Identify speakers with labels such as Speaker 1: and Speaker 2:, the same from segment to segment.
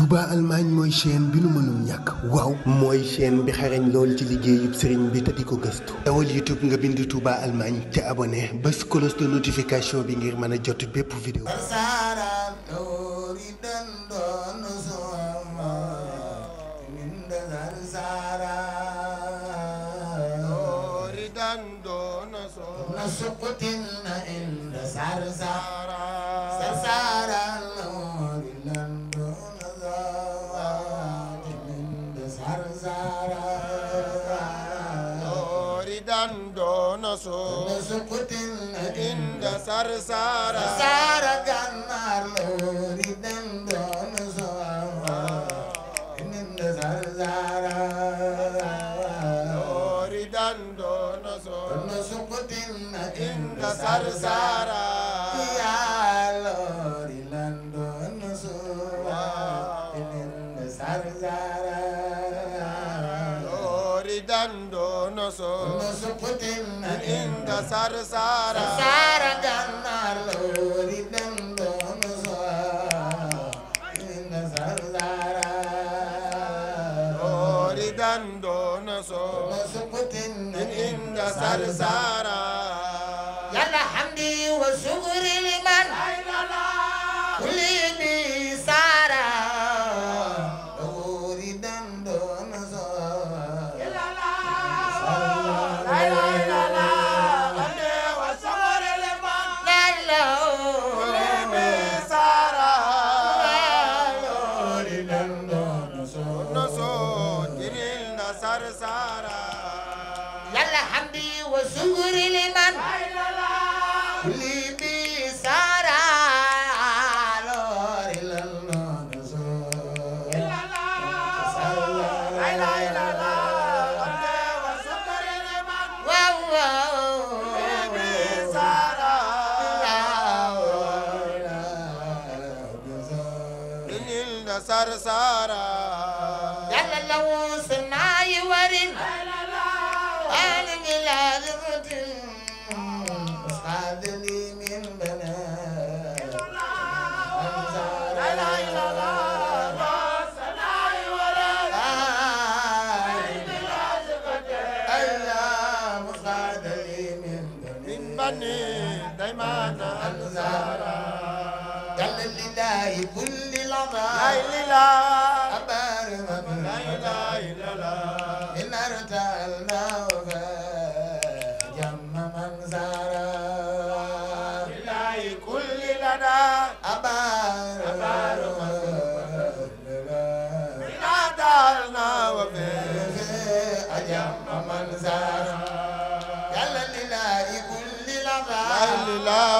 Speaker 1: Touba Allemagne mooy chaine bi nu mënul ñàkk waaw mooy chaîne bi xarañ lool ci liggéeyub sëriñ bi te di ko gëstu dawal YouTube nga bind Touba Allemagne te abonné bés cloche de notification bi ngir mën a jot bépp vidéo sarsara sara gannar lori dan don so inda sarsara lori dan don so nusukutin inda sarsara gandoo noso noso putin na inda sarsara sarsara gannaar la wóori gandoo noso inda sarsara wóori gandoo noso noso putin na inda sarsara yalla hamdi wa sugu وسكر لمن لبي سارا سارا إله كل لنا لا إله أبار من لا إله إلا الله إن ارتألنا جم من زارا إله كل لنا أبار أبار من زارا يلا لله كل لنا لا إله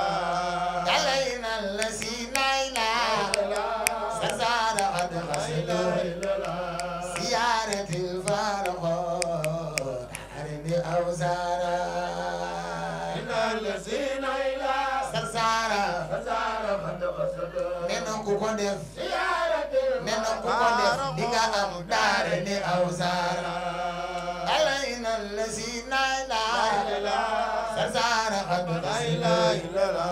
Speaker 1: nee na ku ko def nee na ku ko def di nga am daare ni aw saara alayna lasi naa la sa saara xadu tasilala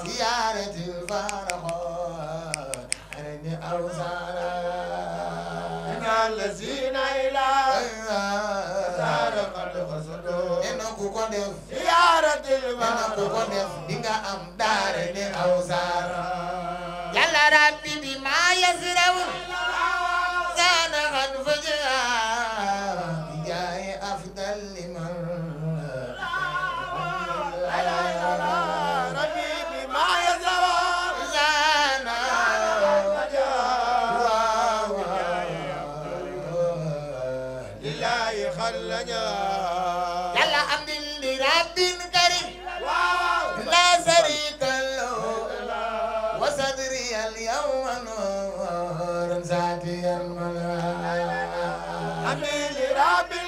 Speaker 1: siyaaratil faaraxo alayni aw saara alayna lasi naa la ku ko def ziyaaratil maam ku ko def dinga am daare ne aw saara yàlla rabbi bi maa yasir Amen.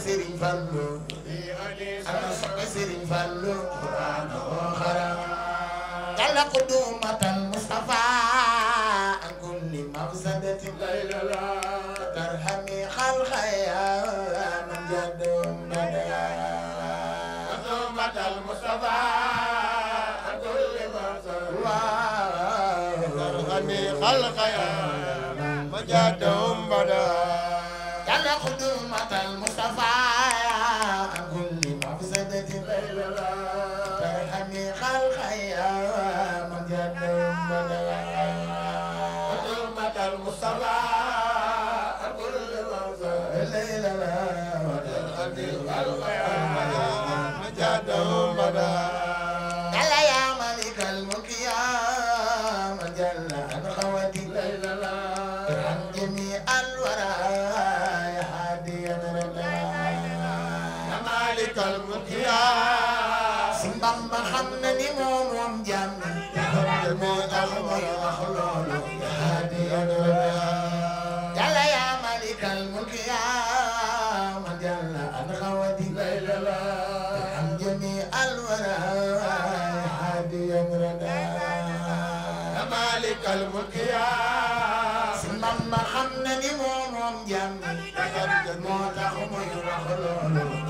Speaker 1: Serigne Fallou ana soppe Serigne Fallou Qur'an oxara kala qudumatan Mustafa an kulli mafsadatin laylala الخلق يا مجادهم بدا كما خدمة المصطفى كل مفسدة بلغة ترحمي خلق يا مجادهم بدا خدمة المصطفى كل مفسدة بلغة ترحمي خلق يا مجادهم بدا Sëñ Bamba xam na ni moom moom jàmm te moo tax mooy wax loolu yàlla yaa malikal mulki yaa man jalla an xawadi am jami alwara hadiyan rada yaa malikal mulki yaa Sëñ Bamba xam na ni moom moom jàmm te moo tax mooy wax loolu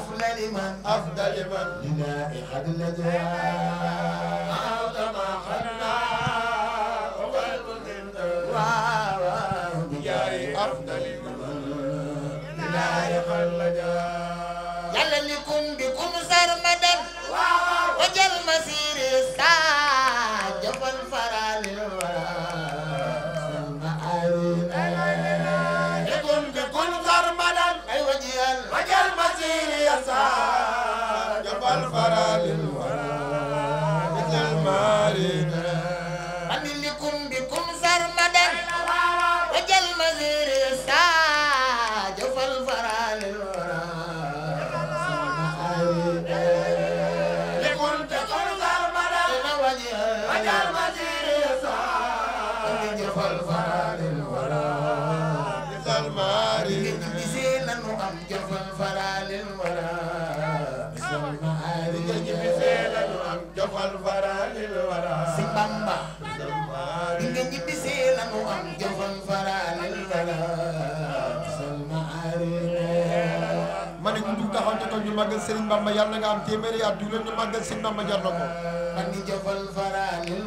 Speaker 1: أفضل من أفضل من لله قد لجا أعظم خنا وقلب من بجاه أفضل من لله قد لجا يلا لكم بكم سرمدا jabal fara amal faralil wara si Bamba bi nga ñibbisee lanu am jëfal faralil wara salma arena ma ne ku dug taxaw te ko ñu màggal Serigne Bamba yàlla nga am téeméeri at du leen ñu màggal Serigne Bamba jar na ko ak ni jëfal faralil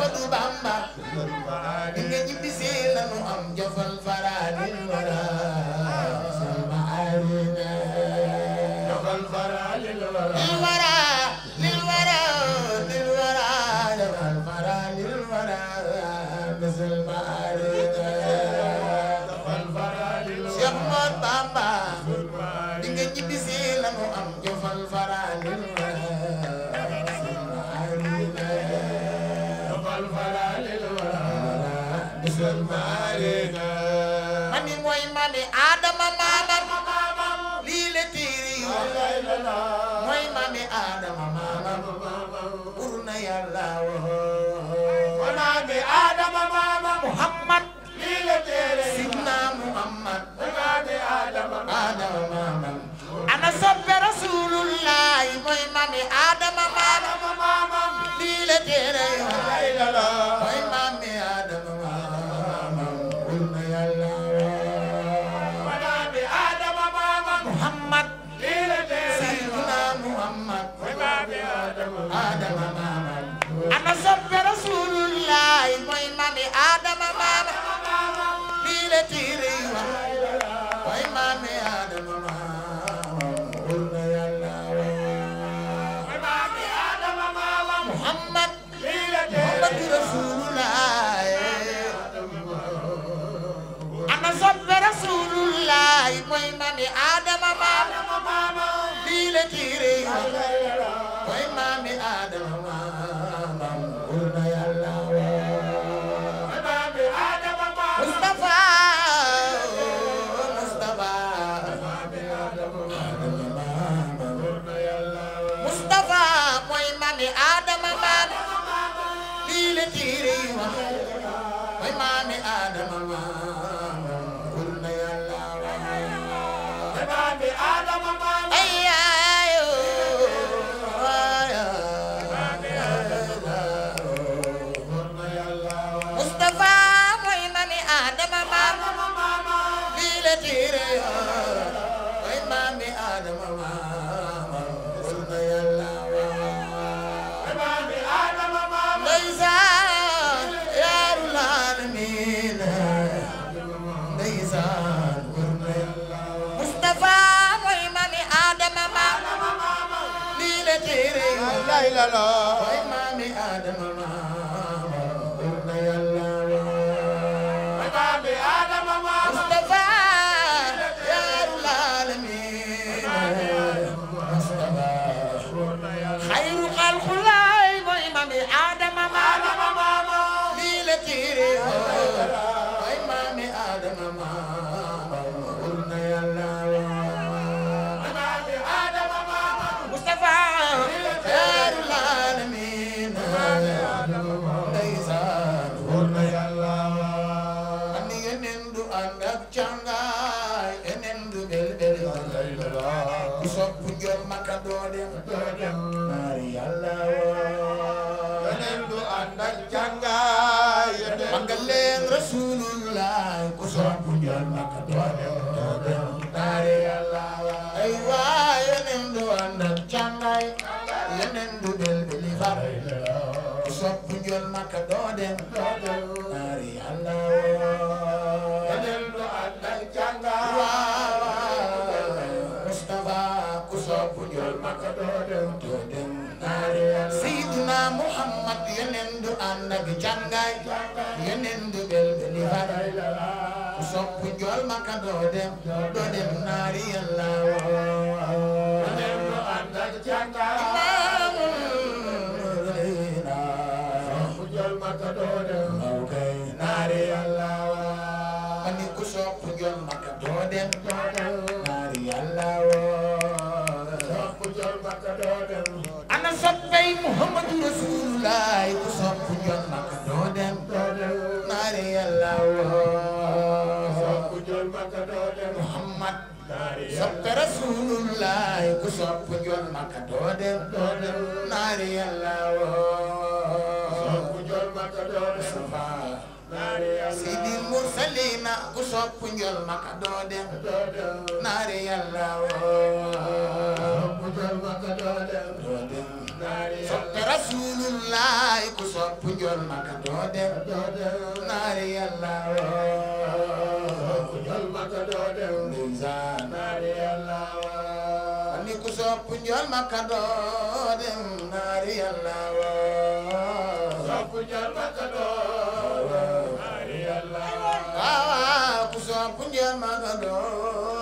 Speaker 1: Ahmadu Bamba di nga ñibbisee lanu am jofal faradil wara sama arina jofal faradil wara salmaalina mami mooy mami Adama maamam lii la tiiri yu mooy mami Adama maamam bur na yàlla woo mami Adama maamam Muhammad lii la tiiri sidna Muhammad mami Adama Adama maamam ana soppe rasulullahi mooy mami Adama maamam lii la tiiri yu mooy mami adama maamam ana soppe rasulullahi mooy mami adama maamam bii la tiiri wa mooy mami adama maamam qul na yàlla wa mooy mami adama maamam muhammad bii la tiiri rasulullahi ana soppe rasulullahi mooy mami adama maamam bii la tiiri wa jalal wa imaami Adama annabi jangay yenendu belbeli faray ku soppu jol maka do dem naari yalla wo dem do annabi sopp jol makka doo dem baari yàlla woo sopp jol makka doo dem ana soppay muhammadu rasulullah ku sopp jol makka doo dem baari yàlla woo sopp jol makka doo dem muhammad soppe rasulullah ku sopp jol makka doo dem baari yàlla woo sopp jol makka doo dem sidil mursalina ku sopp njol maka doo dem naari yàlla ku sopp njol maka doo dem naari ni ku sopp njol maka doo dem naari xulay ku sopp njël maka doo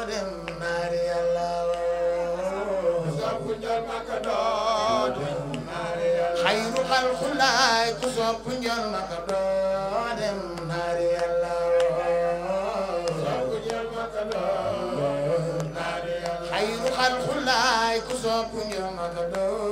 Speaker 1: dem naari yàlla xayru xal